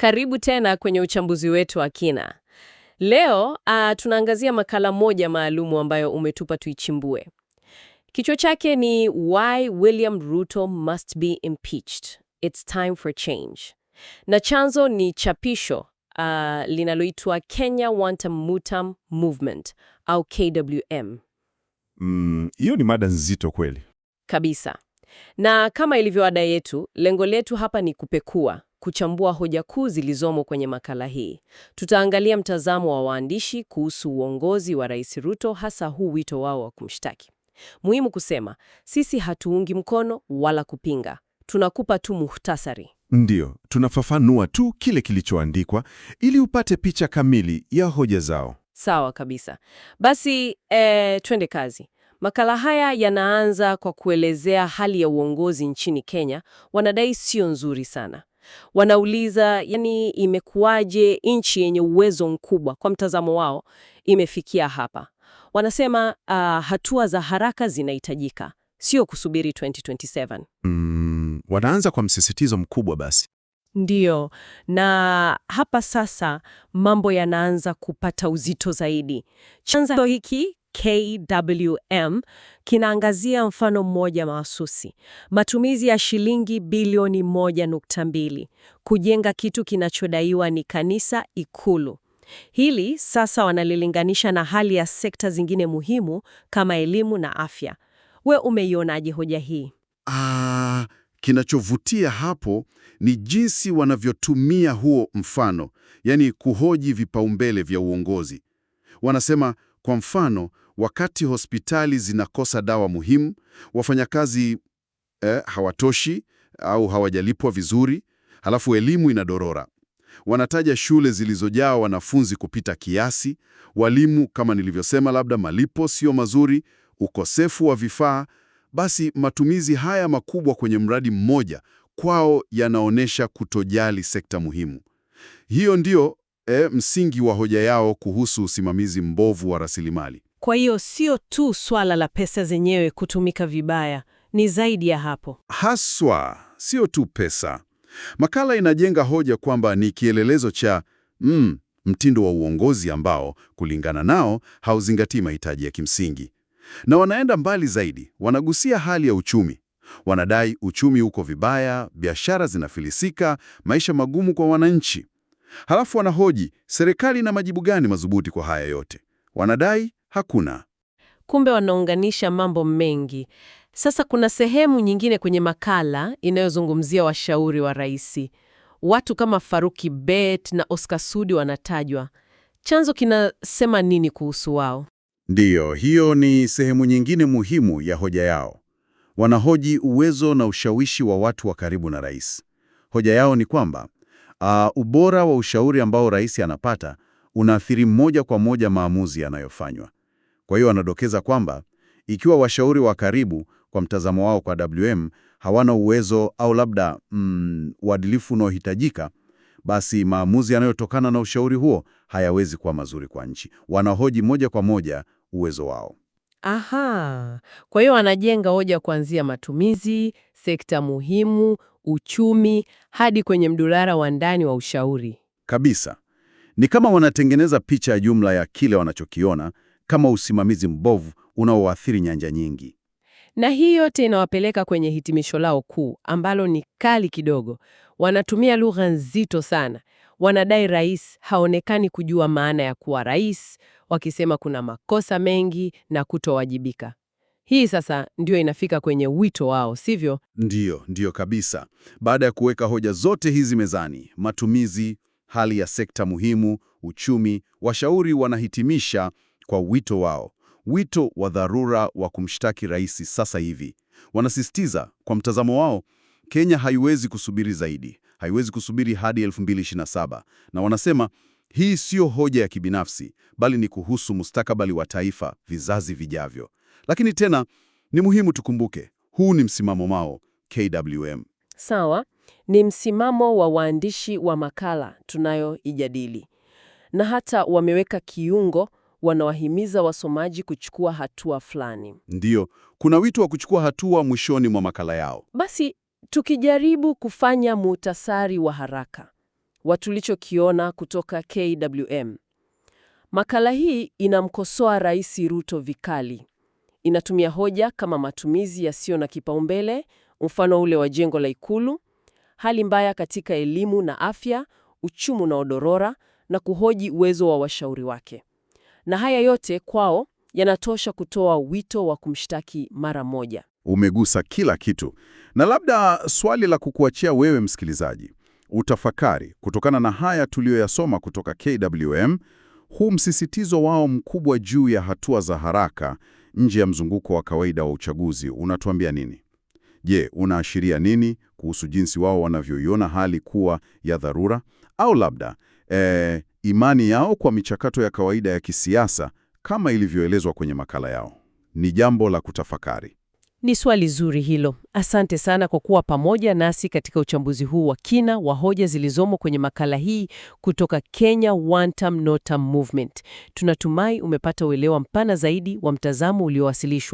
Karibu tena kwenye uchambuzi wetu wa kina. Leo uh, tunaangazia makala moja maalumu ambayo umetupa tuichimbue. Kichwa chake ni Why William Ruto Must Be Impeached. It's Time for Change. Na chanzo ni chapisho uh, linaloitwa Kenya wantam Mutam Movement au KWM. Mm, hiyo ni mada nzito kweli. Kabisa. Na kama ilivyo ada yetu, lengo letu hapa ni kupekua kuchambua hoja kuu zilizomo kwenye makala hii. Tutaangalia mtazamo wa waandishi kuhusu uongozi wa Rais Ruto, hasa huu wito wao wa kumshtaki. Muhimu kusema, sisi hatuungi mkono wala kupinga, tunakupa tu muhtasari. Ndiyo, tunafafanua tu kile kilichoandikwa ili upate picha kamili ya hoja zao. Sawa kabisa. Basi e, twende kazi. Makala haya yanaanza kwa kuelezea hali ya uongozi nchini Kenya. Wanadai sio nzuri sana. Wanauliza yani, imekuwaje nchi yenye uwezo mkubwa kwa mtazamo wao imefikia hapa? Wanasema uh, hatua za haraka zinahitajika, sio kusubiri 2027. Mm, wanaanza kwa msisitizo mkubwa basi. Ndiyo, na hapa sasa mambo yanaanza kupata uzito zaidi. Chanzo hiki KWM kinaangazia mfano mmoja mahususi: matumizi ya shilingi bilioni 1.2 kujenga kitu kinachodaiwa ni kanisa Ikulu. Hili sasa wanalilinganisha na hali ya sekta zingine muhimu kama elimu na afya. We umeionaje hoja hii? Ah, kinachovutia hapo ni jinsi wanavyotumia huo mfano, yaani kuhoji vipaumbele vya uongozi. Wanasema kwa mfano, Wakati hospitali zinakosa dawa muhimu, wafanyakazi eh, hawatoshi au hawajalipwa vizuri, halafu elimu inadorora. Wanataja shule zilizojaa wanafunzi kupita kiasi, walimu kama nilivyosema, labda malipo sio mazuri, ukosefu wa vifaa. Basi matumizi haya makubwa kwenye mradi mmoja kwao yanaonyesha kutojali sekta muhimu. Hiyo ndio eh, msingi wa hoja yao kuhusu usimamizi mbovu wa rasilimali. Kwa hiyo sio tu swala la pesa zenyewe kutumika vibaya, ni zaidi ya hapo. Haswa sio tu pesa. Makala inajenga hoja kwamba ni kielelezo cha mm, mtindo wa uongozi ambao kulingana nao hauzingatii mahitaji ya kimsingi. Na wanaenda mbali zaidi, wanagusia hali ya uchumi. Wanadai uchumi uko vibaya, biashara zinafilisika, maisha magumu kwa wananchi. Halafu wanahoji serikali ina majibu gani madhubuti kwa haya yote? Wanadai Hakuna. Kumbe wanaunganisha mambo mengi. Sasa kuna sehemu nyingine kwenye makala inayozungumzia washauri wa, rais. Watu kama Faruki Bet na Oscar Sudi wanatajwa. Chanzo kinasema nini kuhusu wao? Ndiyo, hiyo ni sehemu nyingine muhimu ya hoja yao. Wanahoji uwezo na ushawishi wa watu wa karibu na rais. Hoja yao ni kwamba uh, ubora wa ushauri ambao rais anapata unaathiri moja kwa moja maamuzi yanayofanywa. Kwa hiyo anadokeza kwamba ikiwa washauri wa karibu kwa mtazamo wao kwa WM hawana uwezo au labda mm, uadilifu unaohitajika, basi maamuzi yanayotokana na ushauri huo hayawezi kuwa mazuri kwa nchi. Wanahoji moja kwa moja uwezo wao. Aha, kwa hiyo wanajenga hoja kuanzia matumizi, sekta muhimu, uchumi hadi kwenye mdulara wa ndani wa ushauri. Kabisa. Ni kama wanatengeneza picha ya jumla ya kile wanachokiona kama usimamizi mbovu unaoathiri nyanja nyingi. Na hii yote inawapeleka kwenye hitimisho lao kuu ambalo ni kali kidogo. Wanatumia lugha nzito sana. Wanadai rais haonekani kujua maana ya kuwa rais, wakisema kuna makosa mengi na kutowajibika. Hii sasa ndiyo inafika kwenye wito wao, sivyo? Ndiyo, ndiyo kabisa. Baada ya kuweka hoja zote hizi mezani, matumizi, hali ya sekta muhimu, uchumi, washauri wanahitimisha kwa wito wao, wito wa dharura wa kumshtaki rais sasa hivi. Wanasisitiza kwa mtazamo wao, Kenya haiwezi kusubiri zaidi, haiwezi kusubiri hadi 2027 na wanasema hii sio hoja ya kibinafsi, bali ni kuhusu mustakabali wa taifa, vizazi vijavyo. Lakini tena ni muhimu tukumbuke, huu ni msimamo wao KWM. Sawa, ni msimamo wa waandishi wa makala tunayoijadili, na hata wameweka kiungo wanawahimiza wasomaji kuchukua hatua fulani. Ndiyo, kuna wito wa kuchukua hatua mwishoni mwa makala yao. Basi tukijaribu kufanya muhtasari wa haraka wa tulichokiona kutoka KWM, makala hii inamkosoa Rais Ruto vikali. Inatumia hoja kama matumizi yasiyo na kipaumbele, mfano ule wa jengo la Ikulu, hali mbaya katika elimu na afya, uchumi unaodorora na kuhoji uwezo wa washauri wake na haya yote kwao yanatosha kutoa wito wa kumshtaki mara moja. Umegusa kila kitu, na labda swali la kukuachia wewe msikilizaji utafakari kutokana na haya tuliyoyasoma kutoka KWM, huu msisitizo wao mkubwa juu ya hatua za haraka nje ya mzunguko wa kawaida wa uchaguzi unatuambia nini? Je, unaashiria nini kuhusu jinsi wao wanavyoiona hali kuwa ya dharura au labda eh, imani yao kwa michakato ya kawaida ya kisiasa kama ilivyoelezwa kwenye makala yao. Ni jambo la kutafakari. Ni swali zuri hilo. Asante sana kwa kuwa pamoja nasi katika uchambuzi huu wa kina wa hoja zilizomo kwenye makala hii kutoka Kenya One Term Movement. Tunatumai umepata uelewa mpana zaidi wa mtazamo uliowasilishwa.